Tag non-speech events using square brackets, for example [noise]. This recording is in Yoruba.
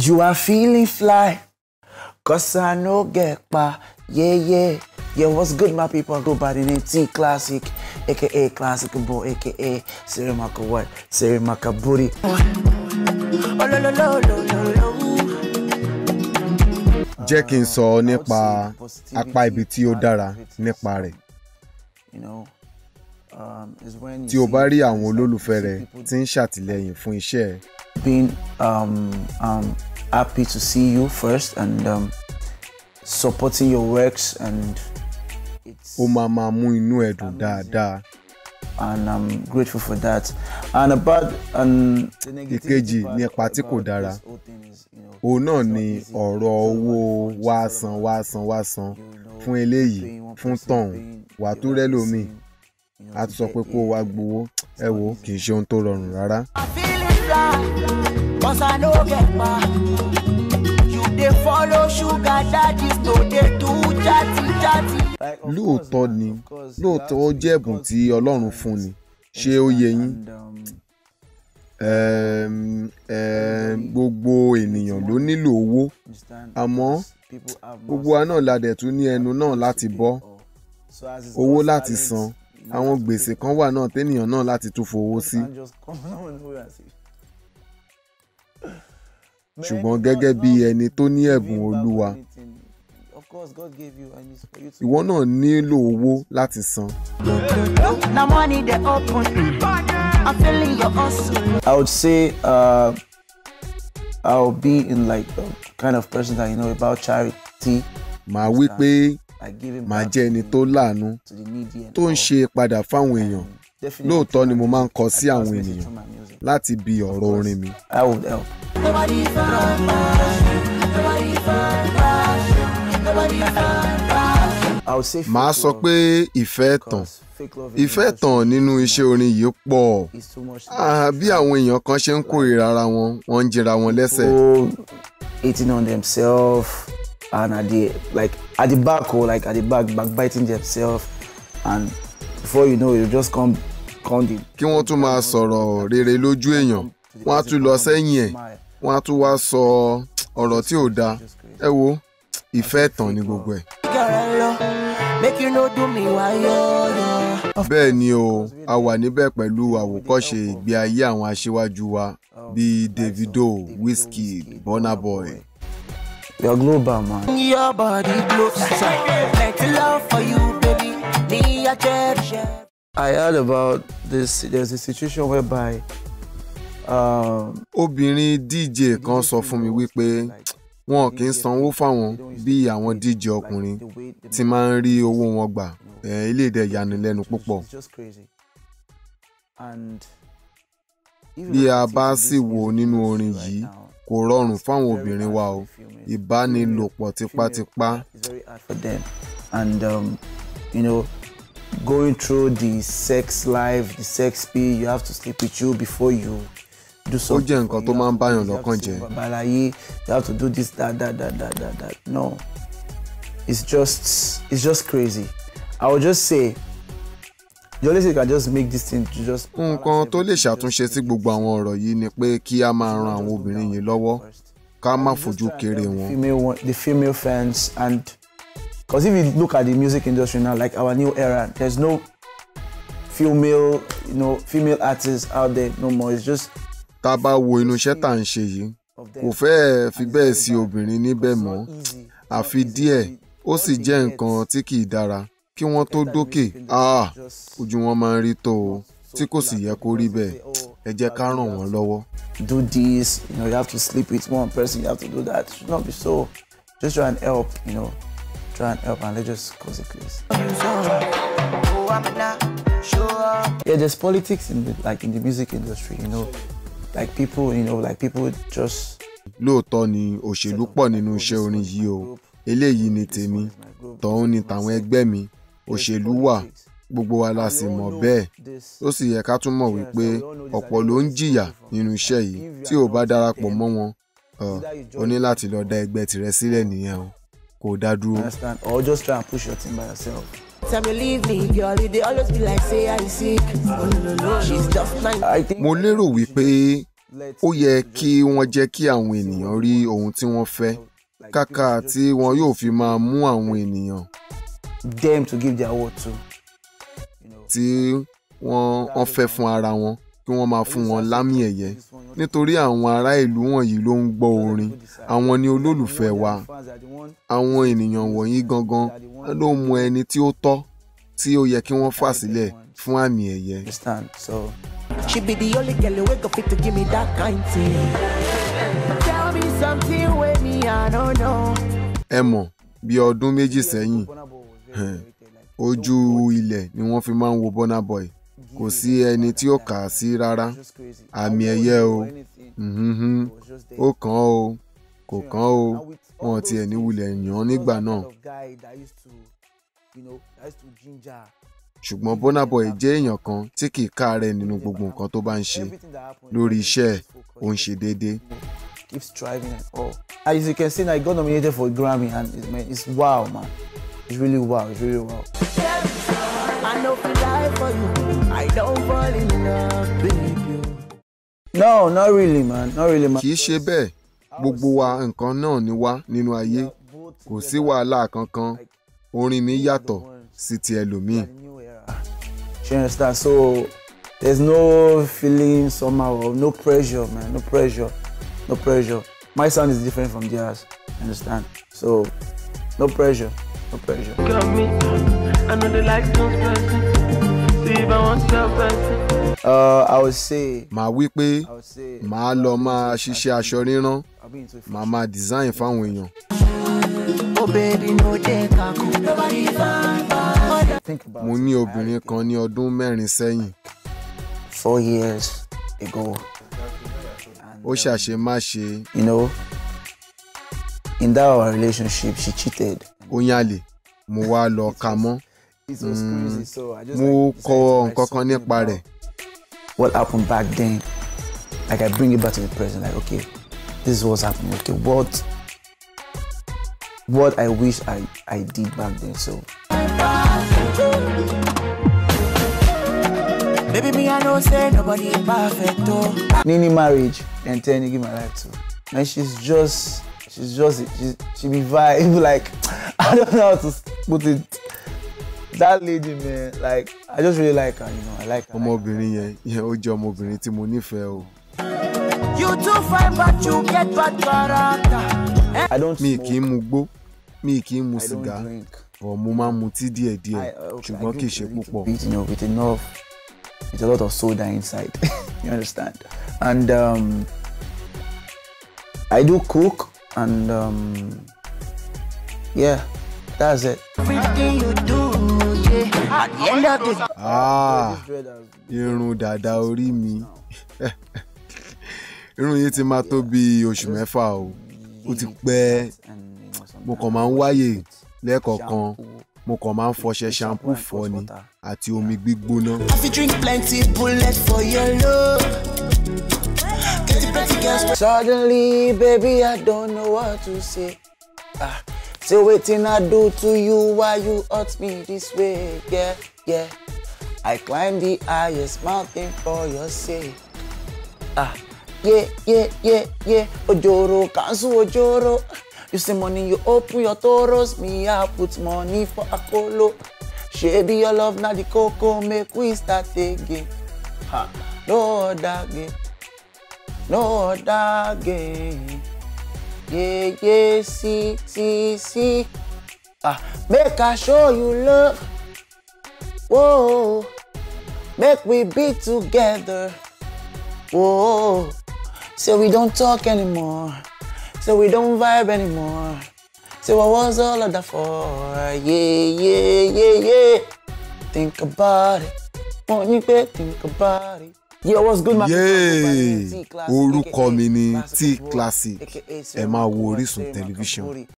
You are feeling fly, cause I know, get pa. Yeah, yeah. Yeah, what's good, my people? I go by the name T Classic, aka Classic Boy, aka Siri Maka what? Siri Maka Booty. Jẹ́ kí n sọ nípa apá ibi tí ó dára nípa rẹ̀. Um, tí o bá rí àwọn olólùfẹ́ rẹ tí ń ṣàtìlẹ́yìn fún iṣẹ́ ẹ. Um, um, happy to see you first and um, supporting your works and. ó máa máa mú inú ẹ dùn dáadáa. and I'm grateful for that and about and. ìkejì nípa tí ko dara. òun náà ni ọ̀rọ̀ owó wá san wá san wá san fún eléyìí fún tọ̀hún wà tó rẹ́ lómi a tún sọ pé kó o wá ẹ wò kì ṣe ohun tó rọrùn rárá cause I no get back. You dey follow sugar daddies, no dey too chatty chatty. lóòótọ́ ni lóòótọ́ ó jẹ́ ẹ̀bùn tí Ọlọ́run fún ni ṣé ó yẹ yín gbogbo ènìyàn ló nílò owó àmọ́ gbogbo wa náà la dẹ̀ tún ní ẹnu náà láti bọ́ owó láti san àwọn gbèsè kan wà náà ténìyàn náà láti tún fowó sí ṣùgbọ́n gẹ́gẹ́ bí ẹni tó ní ẹ̀bùn olúwa ìwọ náà nílò owó láti san. i would say uh, i'll be in like the kind of person that you know about charity. màá wí pé màá jẹ́ ẹni tó láàánú tó ń ṣe padà fáwọn èèyàn lóòótọ́ ni mo máa ń kọ sí àwọn ènìyàn láti bi ọ̀rọ̀ orin mi. màá sọ pé ìfẹ́ tàn ìfẹ́ tàn nínú iṣẹ́ orin yìí pọ̀ ah, bí àwọn èèyàn kan ṣe ń kórìíra ara wọn wọ́n ń jẹra wọn lẹ́sẹ̀. eating on themselves and at the like at the back o oh, like at the back back biting themselves and before you know you just come come the. kí wọ́n tún máa sọ̀rọ̀ rere lójú èèyàn wọ́n á tún lọ sẹ́yìn ẹ̀ wọ́n á tún wá sọ ọ̀rọ̀ tí ò dáa ẹ wo ìfẹ́ tán ni gbogbo ẹ̀. bẹ́ẹ̀ ni o a wà níbẹ̀ pẹ̀lú àwòkọ́ṣe ìgbé ayé àwọn aṣíwájú wa bíi Davido Wizkid Burna Boy. You're global man. Your body glows like love for you. I heard about this. There's a situation whereby. Um, obìnrin DJ kan sọ fún mi wípé wọn kì í sanwó fáwọn bí àwọn DJ ọkùnrin ti máa ń rí owó wọn gbà ilé ìdẹ ìyanilẹ́nu púpọ̀. bí a bá sì wò nínú orin yìí kò rọrùn fáwọn obìnrin wa o ìbánilòpọ̀ tipátipá. And um, you know, going through the sex life the sex pay you have to sleep with you before you do something. ó jẹ́ nǹkan tó máa ń báyàn lọ́kàn jẹ́. babalaye you have to do this that that that that that that no it's just it's just crazy i will just say the only thing that can just make this thing to just. nǹkan tó lè ṣàtúnṣe sí gbogbo àwọn ọ̀rọ̀ yìí ni pé kí a máa ran àwọn obìnrin yìí lọ́wọ́ ká má fojú kéré wọn. the female fans and Because if you look at the music industry now, like our new era, there's no female, you know, female artists out there no more. It's just. Tá a bá wo inú iṣẹ́ tá à ń ṣe yìí, kò fẹ́ẹ̀ fi bẹ́ẹ̀ sí obìnrin níbẹ̀ mọ́, àfi díẹ̀, ó sì jẹ́ nǹkan tí kì í dára. Kí wọ́n tó dókè, ah, ojú wọn máa ń rí tó o, tí kò sì yẹ kó rí bẹ́ẹ̀. Ẹ jẹ́ ká ràn wọ́n lọ́wọ́. Do this, you know, you have to sleep with one person, you have to do that. It should not be so. Just try and help, you know try and help and let's just cause a case. Yeah, there's politics in the, like in the music industry, you know, like people, you know, like people just. Lóòótọ́ ni òṣèlú pọ̀ nínú iṣẹ́ orin yìí o, eléyìí ni tèmi, tọ̀hún ni tàwọn ẹgbẹ́ mi, òṣèlú wà, gbogbo wa la sì mọ̀ bẹ́ẹ̀ ó sì yẹ ká tún mọ̀ wípé ọ̀pọ̀ ló ń jìyà nínú iṣẹ́ yìí tí ò bá darapọ̀ mọ́ wọn o ní láti lọ dá ẹgbẹ́ tirẹ̀ sílẹ̀ nìyẹn o kò dá dúró. understand or just try and push your team by yourself. mo lérò wípé ó yẹ kí wọ́n jẹ́ kí àwọn ènìyàn rí ohun tí wọ́n fẹ́ kàkà tí wọn yóò fi máa mú àwọn ènìyàn. them to give their word to. tí wọ́n fẹ́ fún ara wọn kí wọ́n máa fún wọn lámì ẹ̀yẹ nítorí àwọn ará ìlú wọ̀nyí ló ń gbọ́ orin àwọn ni olólùfẹ́ wa àwọn ènìyàn wọ̀nyí gangan ló mú ẹni tí ó tọ́ tí ó yẹ kí wọ́n fà sílẹ̀ fún àmì ẹ̀yẹ. She be the only girl wey go fit to give me that kind thing. Tell me something wey me I no know. Ẹ mọ̀ bí ọdún méjì sẹ́yìn ojú ilẹ̀ ni wọ́n fi máa ń wo Burna Boy kò sí ẹni tí ó kà á sí rárá àmì ẹ̀yẹ o ó kàn ó kò kàn ó wọn ti ẹ̀ ní wulẹ̀ yàn nígbà náà. ṣùgbọ́n Burna jẹ́ èèyàn kan tí kì í káàárẹ̀ nínú gbogbo nǹkan tó bá ń ṣe lórí iṣẹ́ ẹ̀ ń ṣe déédéé. keep striving and all. As you can see, I got nominated for Grammy and it's, man, it's wow, man. It's really wow, it's really wow fi die for you. I don't fall in love, baby. No, not really, man. Not really, man. Kì í ṣe bẹ́ẹ̀, gbogbo wa nǹkan náà ni wá nínú ayé. Kò sí wàhálà kankan. Orin mi yàtọ̀ sí ti ẹlòmíì. She understand so there's no feeling somehow no pressure man no pressure no pressure my sound is different from theirs understand so no pressure. No pressure. Look me. I know they like those Uh, I would say. Màá wí pé màá lọ máa ṣiṣẹ́ aṣọ ríran, màá máa design fáwọn èèyàn. Mo ní obìnrin kan ní ọdún mẹ́rin sẹ́yìn. Four years ago. Ó ṣàṣemáṣe. You know, in that our relationship, she cheated. mo wá lọ kà mọ́ mo kọ kan nípa rẹ̀. what happened back then like I bring it back to the present like okay this is what's happening okay what what I wish I I did back then so. Baby, me, I know say nobody perfect, oh. Nini marriage, and you give my life to. And she's just, she's just, she be vibe, [laughs] like, [laughs] I don't know how to put it. That lady man, like I just really like her, you know. I like her. Ọmọbìnrin yẹn yẹn ó jẹ́ ọmọbìnrin tí mo nífẹ̀ẹ́ o. You too fine but you get bad character. I don't smoke. Mi kì í mu gbó, mi kì í mu sìgá, ọ̀ mo máa ń mutí díẹ̀díẹ̀ ṣùgbọ́n kì í ṣe púpọ̀. You know, with enough, with a lot of soda inside, [laughs] you understand? And um, I do cook and um, Yeah, that's it. Everything you do, yeah, at the end of the day. Ah, irun dàda orí mi. Irun yìí ti máa tó bí oṣù mẹ́fà o. Ó ti pẹ́. Mo kàn máa ń wáyè lẹ́ẹ̀kọ̀ọ̀kan. Mo kàn máa ń fọṣẹ ṣampú fọ ni àti omi gbígbóná. I fit drink plenty bullet for your love. Suddenly, baby, I don't know what to say. Ah say wetin i do to you why you hurt me this way yeah yeah i climb the highest mountain for your sake ah yeah yeah yeah yeah ojoro cancel ojoro you say money you open your toros me i put money for akolo shebi your love na the koko make we start again ha no other game no other game. Yeah, yeah, see, see, see. Ah, make I show you love. Whoa, make we be together. Whoa, say we don't talk anymore. Say we don't vibe anymore. Say what was all of that for? Yeah, yeah, yeah, yeah. Think about it. Won't you think about it? Yo, what's good, my yeah. orúkọ mi ni T Classic ẹ máa wo Orísun tẹlifíṣàn.